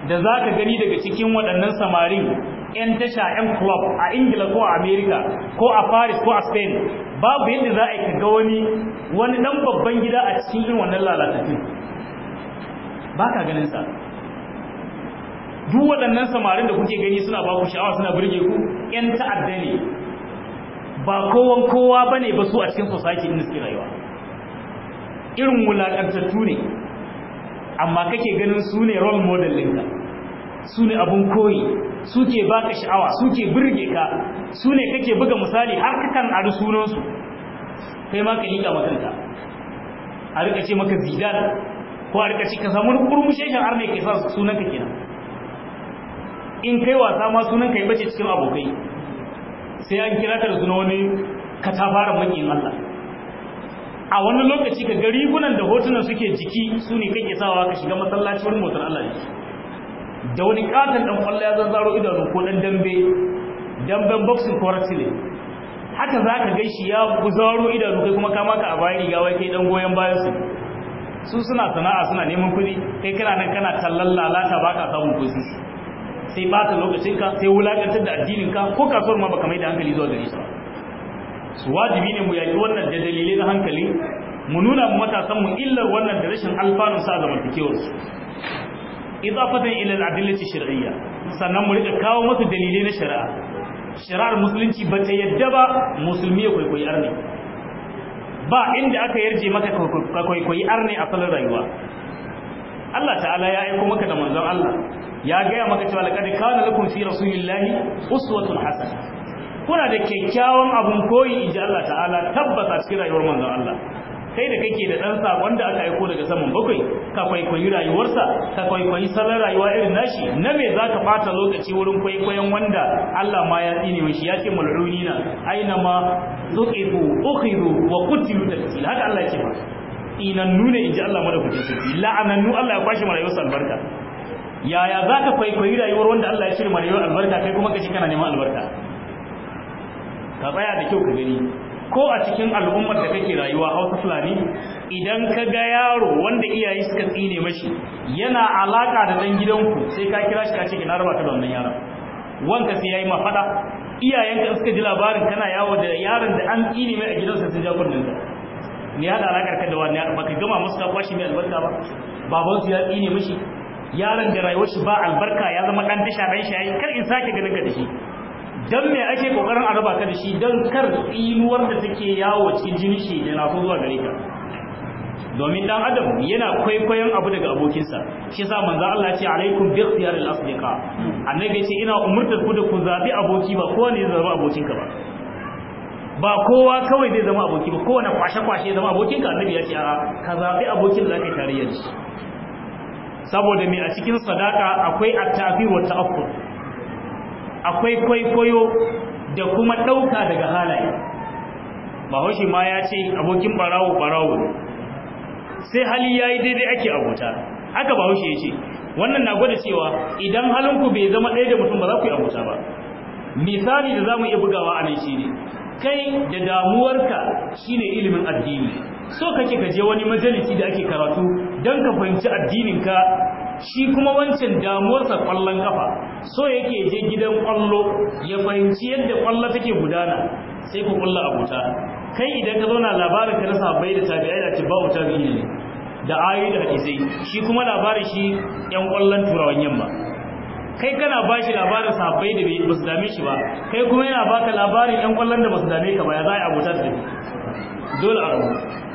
da zaka gani daga cikin waɗannan samarin 'yan tasha 'yan club a ingila ko a Amerika ko a paris ko a spain babu yadda za a yi ga wani wani dan babban gida a cikin irin wannan lalatattun. ba ka ganin sa duk waɗannan samarin da kuke gani suna ba ku sha'awa suna birge ku 'yan ta'adda ne ba kowan kowa ba ne ba su a cikin sosaki din suke rayuwa irin wulaƙantattu ne amma kake ganin su ne role model ɗinka su ne abun koyi su ba baka sha'awa su ke birge ka su ne kake buga misali har kakan a sunansu kai ma ka liƙa makanka a rika ce maka zidan ko a rika ce ka samu kurmushe shan arne ka sa sunan ka kenan in kai wasa ma ka yi bace cikin abokai sai an kira ka da suna wani katafaren makin Allah a wani lokaci ka gari gunan da hotunan suke jiki su ne kake sawa ka shiga masallaci wurin motar Allah ne da wani katon dan kwallo ya zanzaro idanu ko dan dambe damben boxing ko ne, haka za zaka shi ya zaro idanu kai kuma kama ka a bayan riga wai kai dan goyon bayan su su suna sana'a suna neman kuɗi kai kana nan kana tallan lalata ka samun kuɗi sai bata ka sai wulakantar da addinin ka ko kasuwar ma baka mai da hankali zuwa gare su wajibi ne mu yaki wannan da dalilai na hankali mu nuna matasan mu illar wannan da rashin alfanun sa zamantakewar su idafatan ila al-adillati shar'iyya sannan mu rika kawo masa dalilai na shari'a shari'ar musulunci ba ta yadda ba musulmi ya kwaikwayi arne ba inda aka yarje maka kwaikwayi arne a salon rayuwa Allah ta'ala ya aiko maka da manzon Allah ya gaya maka cewa laqad kana lakum fi rasulillahi uswatun hasana kuna da kyakkyawan abun koyi inji Allah ta'ala tabbata cikin rayuwar manzon Allah kai da kake da ɗansa sakon da aka aiko daga saman bakwai ka kwaikwayi rayuwarsa ka kwaikwayi salon rayuwa irin nashi na me za ka ɓata lokaci wurin kwaikwayon wanda Allah ma ya tsine shi ya ce na aina ma zuqifu ukhidu wa qutilu taktil haka Allah ya ce ba inannu ne inji Allah madaukakin sarki la'anannu Allah ya kwashe marayuwarsa albarka yaya za ka kwaikwayi rayuwar wanda Allah ya cire marayuwar albarka kai kuma ka ci kana neman albarka ka tsaya da kyau ka gani ko a cikin al'ummar da kake rayuwa hausa fulani idan ka ga yaro wanda iyaye suka tsine mashi yana alaka da dan gidanku sai ka kira shi ka ce ina raba da wannan yaron wanka sai yayi mafada iyayenka suka ji labarin kana yawo da yaron da an tsine mai a gidansa sai ja kunnen ka me ya da alakar ka da wani yaron baka gama musu ka kwashi mai albarka ba baban su ya tsine mashi yaron da rayuwar shi ba albarka ya zama dan tasha dan shayi kar in sake ganin ka da shi don me ake kokarin a raba ka da shi don kar tsinuwar da take yawo cikin jini shi da na zuwa gare ka domin dan adam yana kwaikwayon abu daga abokinsa shi sa manzo Allah ya ce alaikum bi ikhtiyar al asdiqa annabi ya ce ina umurtar ku da ku zabi aboki ba kowa ne ya zama abokinka ba ba kowa kawai zai zama aboki ba kowane kwashe kwashe zama abokinka annabi ya ce a ka zabi abokin da zaka yi tarayya shi saboda me a cikin sadaka akwai at-tafir wa akwai kwaikwayo da kuma ɗauka daga halaye bahaushe ma ya ce abokin barawo barawo sai hali ya yi daidai ake abota haka bahaushe ya ce wannan na gwada cewa idan halinku bai zama ɗaya da mutum ba za ku yi abota ba misali da za mu iya bugawa a nan shi ne kai da damuwarka shine ilimin addini so kake ka je wani majalisi da ake karatu don ka fahimci addininka shi kuma wancan damuwarsa kwallon kafa so yake je gidan kwallo ya fahimci yadda kwallo take gudana sai ku kulla abuta kai idan ka zauna labarin ka na sahabbai da tabi'ai da tabi'u tabi'i ne da ayoyi da hadisai shi kuma labarin shi yan kwallon turawan yamma kai kana ba shi labarin sahabbai da ba su dame shi ba kai kuma yana baka labarin yan kwallon da ba su dame ka ba ya za a abuta da dole a rubuta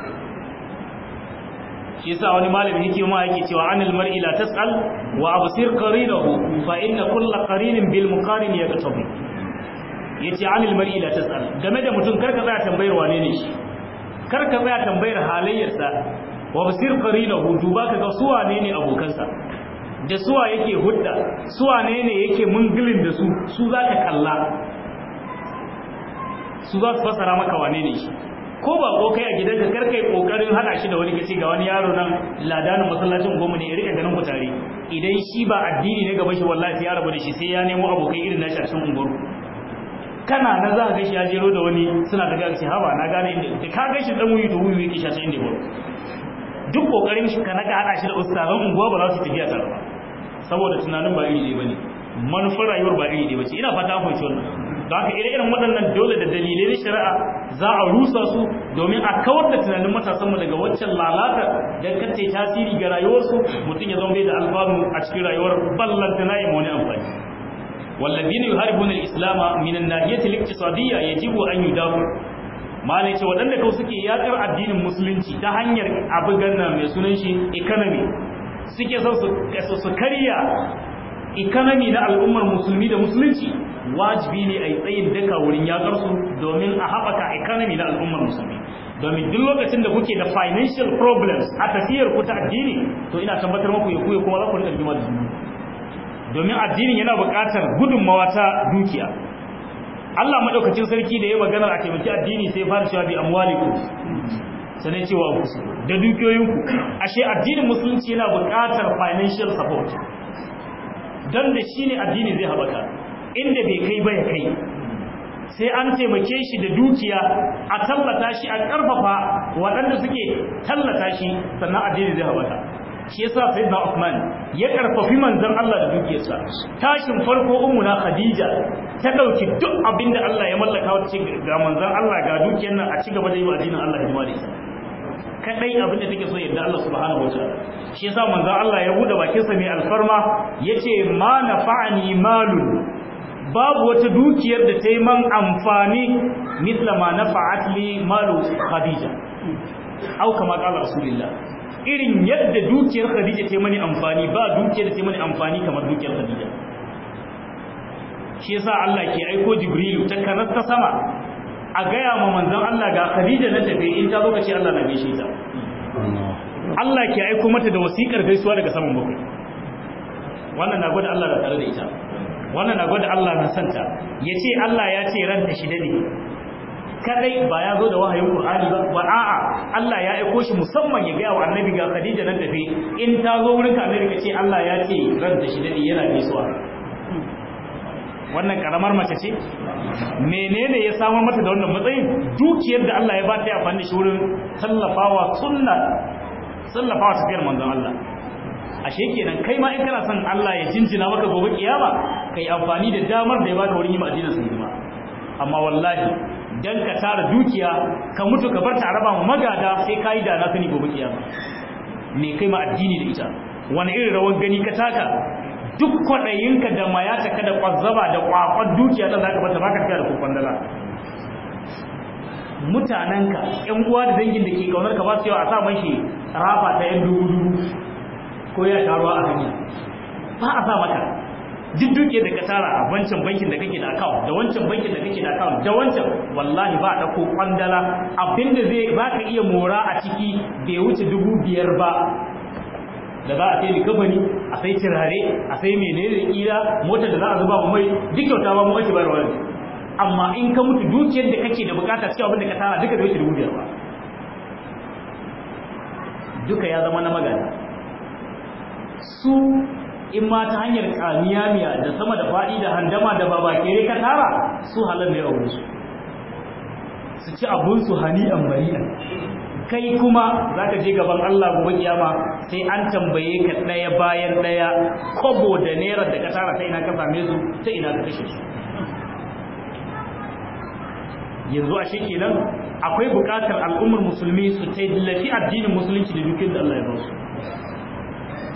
yasa wani malamin yake ma yake cewa anil mar'i la tas'al wa absir qarinahu fa inna kull qarinin bil muqarin yaktabi yace anil mar'i la tas'al game da mutum karka tsaya tambayar wane ne shi karka tsaya tambayar halayyarsa wa absir qarinahu duba ka su suwa ne abokansa da suwa yake hudda suwa ne ne yake gilin da su su za ka kalla su za su fasara maka wane ne shi ko ba ko kai a gidanka kar kai kokarin hada shi da wani kace ga wani yaro nan ladanin masallacin goma ne ya rika ganin ku tare idan shi ba addini ne gaba shi wallahi sai ya rabu da shi sai ya nemo abokai irin nashi a cikin unguwar kana na za ka gashi ya jero da wani suna da gaci ba na gane inda ka shi dan wuyu to wuyu yake a inda ba duk kokarin shi ka naka hada shi da ustazan unguwa ba za su tafiya tare ba saboda tunanin ba iri ne bane manufar rayuwar ba iri ne bace ina fata ku fahimci wannan don haka ire-iren waɗannan dole da dalilai na shari'a za a rusa su domin a kawar da tunanin matasanmu daga waccan lalata da kace tasiri ga rayuwarsu mutum ya zama bai da alfanu a cikin rayuwar ballantana ma wani amfani والذين يحاربون الاسلام من الناحيه الاقتصاديه يجب ان يدافعوا malai ce waɗanda kawai suke yakar addinin musulunci ta hanyar abu ganna mai sunan shi economy suke son su karya economy na al'ummar musulmi da musulunci wajibi ne a yi tsayin daka wurin yakar su domin a haɓaka economy na al'ummar musulmi domin duk lokacin da kuke da financial problems a tafiyar ku ta addini to ina tabbatar maku ya kuya kuma za ku rika rigima da juna domin addinin yana buƙatar gudunmawa ta dukiya Allah maɗaukacin sarki da ya maganar a taimaki addini sai fara cewa bi amwalikum sanai cewa ku da dukiyoyinku ashe addinin musulunci yana buƙatar financial support dan da ne addini zai haɓaka inda bai kai ba ya kai sai an taimake shi da dukiya a tallata shi a karfafa waɗanda suke tallata shi sannan addini zai haɓata shi yasa sai na Uthman ya karfafi manzon Allah da dukiyarsa tashin farko ummuna Khadija ta dauki duk abin da Allah ya mallaka wata ce ga manzon Allah ga dukiyar nan a ci gaba da yi wa addinin Allah hidima da ita kadai abin da take so yadda Allah subhanahu wataala shi yasa manzon Allah ya bude bakin sa mai alfarma yace ma nafa'ani malun babu wata dukiyar da ta yi man amfani misla ma na li malu khadija au kama qala rasulullah irin yadda dukiyar khadija ta yi mani amfani ba dukiyar da ta yi mani amfani kamar dukiyar khadija shi yasa Allah ke aiko jibrilu ta kanar ta sama a gaya ma manzon Allah ga khadija na tafi in ta zo ka ce Allah na gaishe ta Allah ke aiko mata da wasikar gaisuwa daga saman bakwai wannan na gwada Allah da tare da ita wannan na gwada Allah na santa ya ce Allah ya ce ran da shi dade kadai ba ya zo da wahayin Qur'ani ba wa a'a Allah ya aiko shi musamman ya gaya wa annabi ga Khadija nan tafi in ta zo wurin ka annabi ce Allah ya ce ran da shi dade yana gaisuwa wannan karamar mace ce menene ya samar mata da wannan matsayin dukiyar da Allah ya ba ta amfani shi wurin tallafawa sunna tallafawa tafiyar manzon Allah ashe kenan kai ma in kana son Allah ya jinjina maka gobe kiyama kai amfani da damar da ya bada wurin yi addinin sun hidima amma wallahi dan ka tara dukiya ka mutu ka bar ta araba magada sai ka yi dana na sani gobe kiyama me kai ma da ita wani irin rawan gani ka taka duk kwaɗayinka da mayata ka da kwazzaba da kwakwan dukiya ta za ka bata baka tafiya da kokon dala mutanenka yan uwa da dangin da ke kaunar ka ba su yawa a sa mashi rafa ta yan dubu dubu ko ya ruwa a hanya ba a sa maka duk duke da ka tara a wancan bankin da kake da account da wancan bankin da kake da account da wancan wallahi ba da ko kwandala abinda zai ba ka iya mora a ciki bai wuce dubu biyar ba da za a sai likabani a sai turare a sai menene kira motar da za a zuba mu mai duk kyauta ba mu ake bayarwa ne amma in ka mutu dukiyar da kake da bukata cikin abin da ka tara duka bai wuce dubu biyar ba duka ya zama na magana su in ma ta hanyar ƙamiya-miya da sama da faɗi da handama da babakere ka tara su halar ne aure su su ci abun an bari mari'an kai kuma za ka je gaban Allah gobe kiyama sai an tambaye ka ɗaya bayan ɗaya kobo da naira da ka tara ta ina ka same su ta ina ka kashe su yanzu a shi kenan akwai buƙatar al'ummar musulmi su tallafi addinin musulunci da dukkan da Allah ya ba su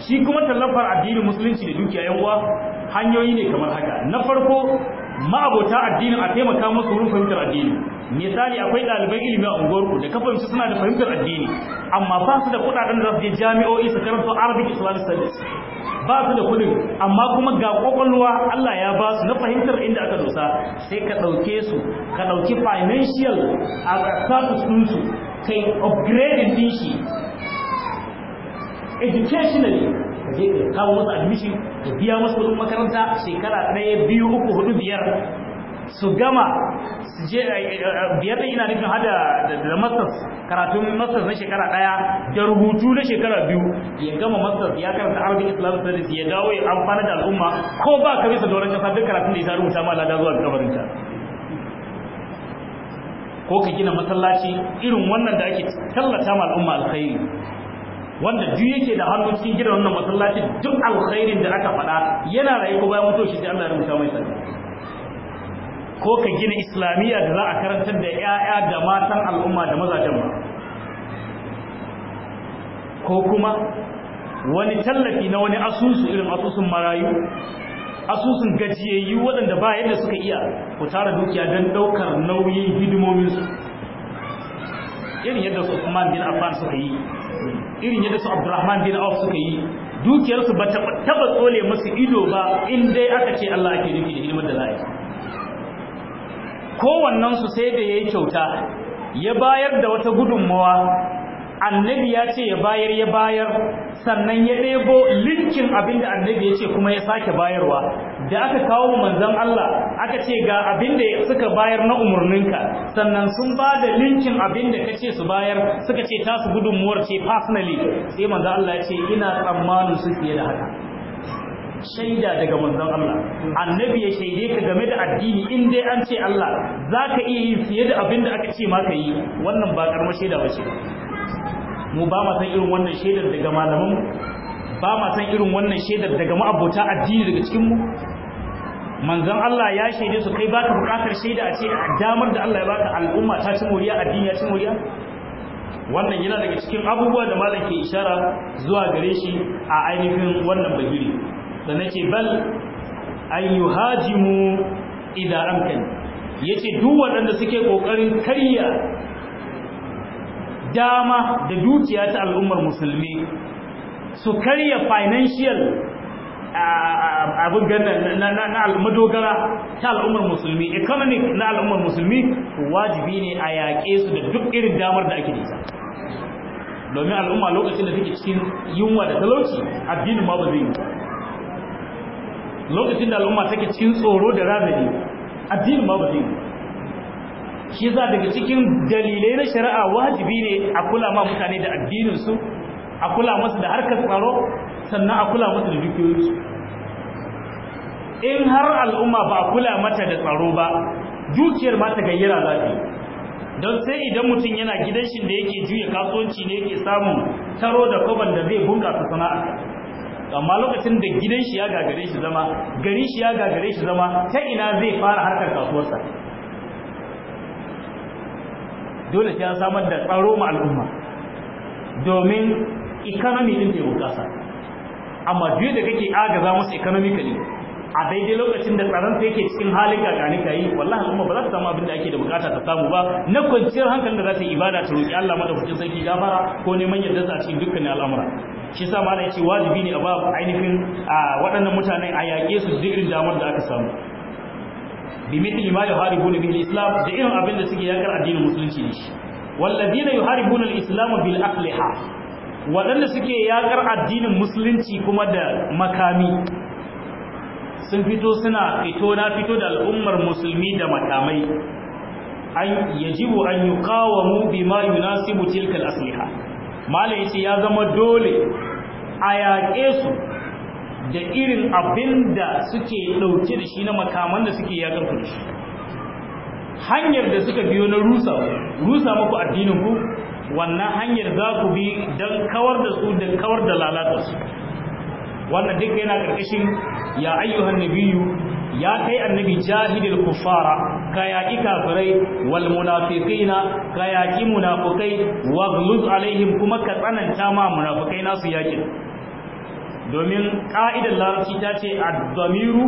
shi kuma tallafar addinin musulunci da dukiya yan uwa hanyoyi ne kamar haka na farko ma'abota addinin a taimaka musu wurin fahimtar addini misali akwai ɗalibai ilimi a unguwarku da kafin su suna da fahimtar addini amma ba su da kuɗaɗen da za jami'o'i su karanta arabic islamic studies ba su da kuɗin amma kuma ga ƙwaƙwalwa Allah ya ba su na fahimtar inda aka dosa sai ka ɗauke su ka ɗauki financial a status ɗinsu kai upgrading din shi educationally ka je ka kawo masa admission ka biya masu kudin makaranta shekara ɗaya biyu uku hudu biyar su gama su je eh, eh, eh, biyar da ina nufin hada da masters karatun masters na shekara ɗaya, da rubutu na shekara biyu ya gama masters ya karanta arabic islam studies ya dawo ya amfana da al'umma ko ba ka bisa doron kasa duk karatun da ya rubuta ma lada zuwa ta. ko ka gina masallaci irin wannan da ake tallata ma al'umma alkhairi wanda duk yake da hannu cikin gidan wannan masallaci duk alkhairin da aka faɗa yana rayu ko bayan mutuwa shi sai Allah ya rubuta mai sani ko ka gina islamiyya da za a karantar da 'ya'ya da matan al'umma da mazajen ba ko kuma wani tallafi na wani asusu irin asusun marayu asusun gajiyayyu waɗanda ba yadda suka iya ku tara dukiya don ɗaukar nauyin hidimominsu irin yadda kuma bin afan suka yi irin yadda su abdurrahman bin auf suka yi dukiyarsu ba taba tsole musu ido ba in dai aka ce Allah ake nufi da hidimar da za'a kowannen su sai da yayi kyauta ya bayar da wata gudunmawa annabi ya ce ya bayar ya bayar sannan ya ɗebo linkin abinda annabi ya ce kuma ya sake bayarwa da aka kawo manzan Allah aka ce ga abin da suka bayar na umarninka sannan sun ba da linkin abin da ka ce su bayar suka ce tasu gudunmuwar ce personally sai manzan Allah ya ce ina tsammanin su fiye da haka shaida daga manzon Allah annabi ya shaide ka game da addini in dai an ce Allah zaka iya yin fiye da abin da aka ce ma ka yi wannan ba karamar shaida ba ce mu ba ma san irin wannan shaidar daga malamin ba ma san irin wannan shaidar daga ma'abota addini daga cikin mu manzon Allah ya shaide su kai baka bukatar shaida a ce damar da Allah ya baka al'umma ta ci muriya addini ya ci muriya wannan yana daga cikin abubuwa da malam ke ishara zuwa gare shi a ainihin wannan bagiri da nake bal an yuhajimu idan amkan yace duk waɗanda suke kokarin karya dama da dukiya ta al'ummar musulmi su karya financial abin ganin na almadogara ta al'ummar musulmi economic na al'ummar musulmi wajibi ne a yaƙe su da duk irin damar da ake nisa domin al'umma lokacin da suke cikin yunwa da talauci addinin ma ba zai yi lokacin da al'umma take cikin tsoro da razani addinin ma ba zai yi shi za daga cikin dalilai na shari'a wajibi ne a kula ma mutane da addininsu a kula musu da harkar tsaro sannan a kula musu da dukiyoyi in har al'umma ba a kula mata da tsaro ba dukiyar ma ta gayyara za ta don sai idan mutum yana gidan shi da yake juya kasuwanci ne yake samun taro da kwaban da zai su sana'a amma lokacin da gidan shi ya gagare shi zama gari shi ya gagare shi zama ta ina zai fara harkar kasuwarsa dole sai an samar da tsaro ma al'umma domin economy din bai bukasa amma duk da kake agaza musu economically a daidai lokacin da tsaron ta yake cikin halin gagani ka yi wallahi al'umma ba za ta samu abin da ake da bukata ta samu ba na kwanciyar hankalin da za ta ibada ta roki Allah madaukakin sarki gafara ko neman yarda a cikin dukkanin al'amura shi sa malai ce wajibi ne a ba ainihin waɗannan mutanen a yaƙe su duk irin damar da aka samu bimithli ma yuharibuna bihi islam da irin abin da suke yakar addinin musulunci ne shi والذين يحاربون الإسلام بالأقلحة waɗanda suke yakar addinin musulunci kuma da makami sun fito suna fito na fito da al'ummar musulmi da makamai an yajibu an yuqawamu bima yunasibu tilka asliha mala yace ya zama dole a yaƙe su da irin abin da suke ɗauke da shi na makaman da suke yaƙar ku shi hanyar da suka biyo na rusa rusa muku addinin ku wannan hanyar za ku bi don kawar da su da kawar da lalatarsu wannan duk yana ƙarƙashin ya ayyuhan nabiyu ya kai annabi jahidil kufara ka yaƙi kafirai wal munafiqina ka yaƙi munafikai waghluz alaihim kuma ka tsananta ma munafikai nasu yaƙin domin ƙa'idar larabci ta ce ad-damiru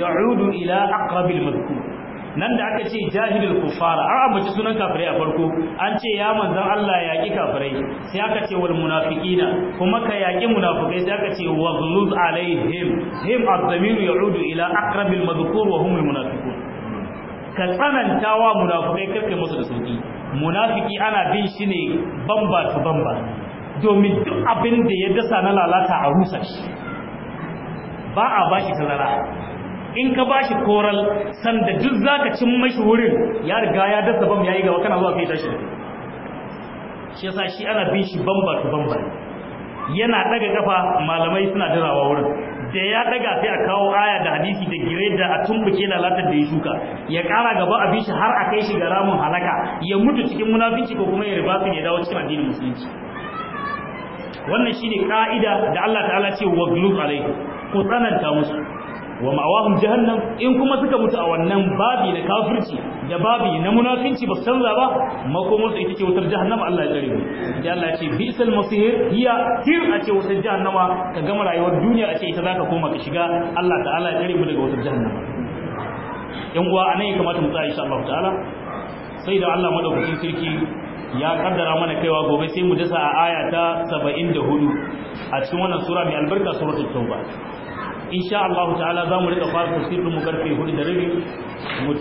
ya'udu ila aqrabil mazkur nan da aka ce jahilul kufara an ambaci sunan kafirai a farko an ce ya manzan Allah ya yaki kafirai sai aka ce wal munafiqina kuma ka yaki munafiqai sai aka ce waghluz alaihim him ad ya'udu ila aqrabil madhkur wa humul munafiqun ka tsananta wa munafiqai karkai musu da sauki munafiki ana bin shi ne bamba to bamba domin duk abin da ya dasa na lalata a rusa shi ba a bashi tazara in ka ba shi koral sanda duk za ka cin mashi wurin ya riga ya dasa bam ya yi gaba kana zuwa fita tashi shi yasa shi ana bin shi bamba ta bamba yana daga kafa malamai suna dirawa wurin da ya daga sai a kawo aya da hadisi da gireda a tumbuke lalatar da ya shuka ya kara gaba a bin shi har a kai shi ga ramin halaka ya mutu cikin munafinci ko kuma ya riba su ya dawo cikin addinin musulunci wannan shine ka'ida da Allah ta'ala ce wa glub alaihi ku tsananta musu wa ma'awahum jahannam in kuma suka mutu a wannan babi na kafirci da babi na munafinci ba canza ba makomar ita ce wutar jahannama Allah ya tsare mu Allah ce bisal masihir hiya tir a ce wutar jahannama ka gama rayuwar duniya a ce ita zaka koma ka shiga Allah ta'ala ya tsare mu daga wutar jahannama yan uwa anan ya kamata mu tsaya insha Allah ta'ala sai da Allah madaukakin sarki ya kaddara mana kaiwa gobe sai mu dasa a aya ta 74 a cikin wannan sura mai albarka suratul tauba insha Allah ta'ala za mu rika fara tafsirin mu karfe 4 da rabi